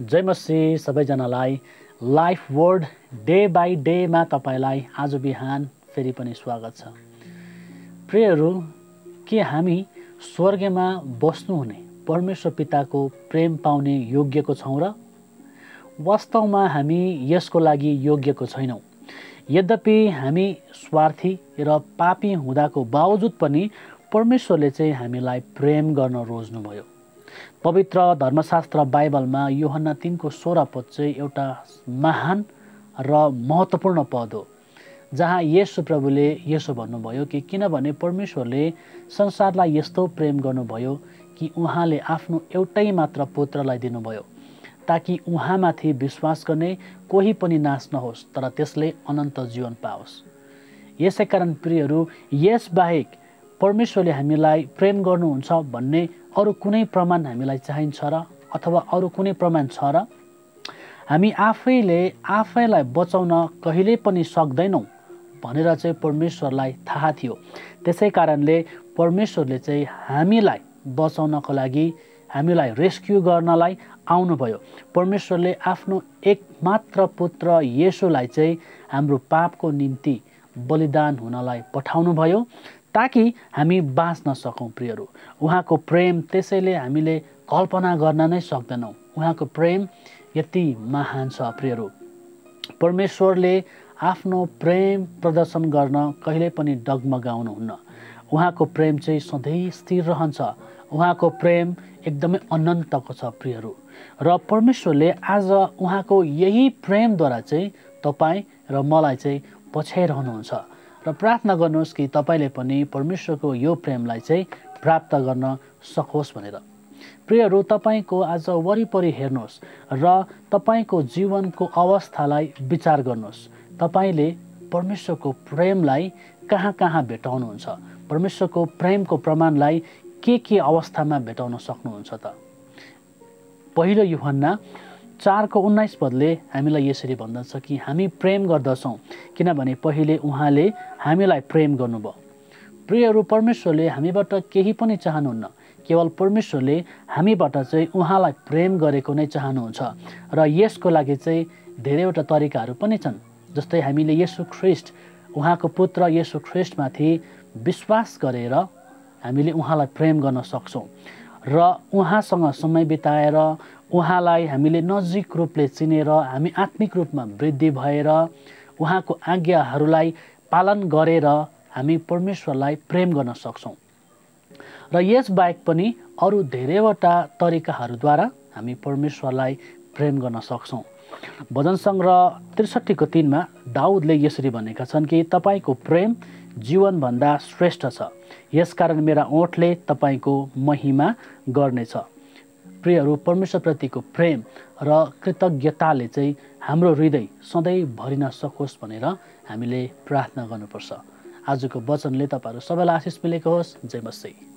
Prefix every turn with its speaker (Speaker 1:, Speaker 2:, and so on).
Speaker 1: जय मसी सबैजनालाई life word day by डेमा तपाईँलाई आज बिहान फेरि पनि स्वागत छ प्रियहरू के हामी स्वर्गमा बस्नुहुने परमेश्वर पिताको प्रेम पाउने योग्यको छौँ र वास्तवमा हामी यसको लागि योग्यको छैनौँ यद्यपि हामी स्वार्थी र पापी हुँदाको बावजुद पनि परमेश्वरले चाहिँ हामीलाई प्रेम गर्न रोज्नुभयो पवित्र धर्मशास्त्र बाइबलमा योहन्ना तिनको सोह्र पद चाहिँ एउटा महान र महत्त्वपूर्ण पद हो जहाँ यसो प्रभुले यसो भन्नुभयो कि किनभने परमेश्वरले संसारलाई यस्तो प्रेम गर्नुभयो कि उहाँले आफ्नो एउटै मात्र पुत्रलाई दिनुभयो ताकि उहाँमाथि विश्वास गर्ने कोही पनि नाश नहोस् तर त्यसले अनन्त जीवन पाओस् यसै कारण प्रियहरू यसबाहेक परमेश्वरले हामीलाई प्रेम गर्नुहुन्छ भन्ने अरू कुनै प्रमाण हामीलाई चाहिन्छ र अथवा अरू कुनै प्रमाण छ र हामी आफैले आफैलाई बचाउन कहिल्यै पनि सक्दैनौँ भनेर चाहिँ परमेश्वरलाई थाहा थियो त्यसै कारणले परमेश्वरले चाहिँ हामीलाई बचाउनको लागि हामीलाई रेस्क्यु गर्नलाई आउनुभयो परमेश्वरले आफ्नो एकमात्र पुत्र येसुलाई चाहिँ हाम्रो पापको निम्ति बलिदान हुनलाई पठाउनुभयो ताकि हामी बाँच्न सकौँ प्रियहरू उहाँको प्रेम त्यसैले हामीले कल्पना गर्न नै सक्दैनौँ उहाँको प्रेम यति महान छ प्रियहरू परमेश्वरले आफ्नो प्रेम प्रदर्शन गर्न कहिले पनि डगमगाउनुहुन्न उहाँको प्रेम चाहिँ सधैँ स्थिर रहन्छ उहाँको प्रेम एकदमै अनन्तको छ प्रियहरू र परमेश्वरले आज उहाँको यही प्रेमद्वारा चाहिँ तपाईँ र मलाई चाहिँ पछ्याइरहनुहुन्छ र प्रार्थना गर्नुहोस् कि तपाईँले पनि परमेश्वरको यो प्रेमलाई चाहिँ प्राप्त गर्न सकोस् भनेर प्रियहरू तपाईँको आज वरिपरि हेर्नुहोस् र तपाईँको जीवनको अवस्थालाई विचार गर्नुहोस् तपाईँले परमेश्वरको प्रेमलाई कहाँ कहाँ भेटाउनुहुन्छ परमेश्वरको प्रेमको प्रमाणलाई के के अवस्थामा भेटाउन सक्नुहुन्छ त पहिलो युहन्ना चारको उन्नाइस पदले हामीलाई यसरी भन्दछ कि हामी प्रेम गर्दछौँ किनभने पहिले उहाँले हामीलाई प्रेम गर्नुभयो प्रियहरू परमेश्वरले हामीबाट केही पनि चाहनुहुन्न केवल परमेश्वरले हामीबाट चाहिँ उहाँलाई प्रेम गरेको नै चाहनुहुन्छ र यसको लागि चाहिँ धेरैवटा तरिकाहरू पनि छन् जस्तै हामीले यसु ख्रिस्ट उहाँको पुत्र यसु ख्रिस्टमाथि विश्वास गरेर हामीले उहाँलाई प्रेम गर्न सक्छौँ र उहाँसँग समय बिताएर उहाँलाई हामीले नजिक रूपले चिनेर हामी आत्मिक रूपमा वृद्धि भएर उहाँको आज्ञाहरूलाई पालन गरेर हामी परमेश्वरलाई प्रेम गर्न सक्छौँ र यसबाहेक पनि अरू धेरैवटा तरिकाहरूद्वारा हामी परमेश्वरलाई प्रेम गर्न सक्छौँ भजन सङ्ग्रह त्रिसठीको तिनमा दाउदले यसरी भनेका छन् कि तपाईँको प्रेम जीवनभन्दा श्रेष्ठ छ यसकारण मेरा ओठले तपाईँको महिमा गर्नेछ प्रियहरू परमेश्वरप्रतिको प्रेम र कृतज्ञताले चाहिँ हाम्रो हृदय सधैँ भरिन सकोस् भनेर हामीले प्रार्थना गर्नुपर्छ आजको वचनले तपाईँहरू सबैलाई आशिष मिलेको होस् जय मसी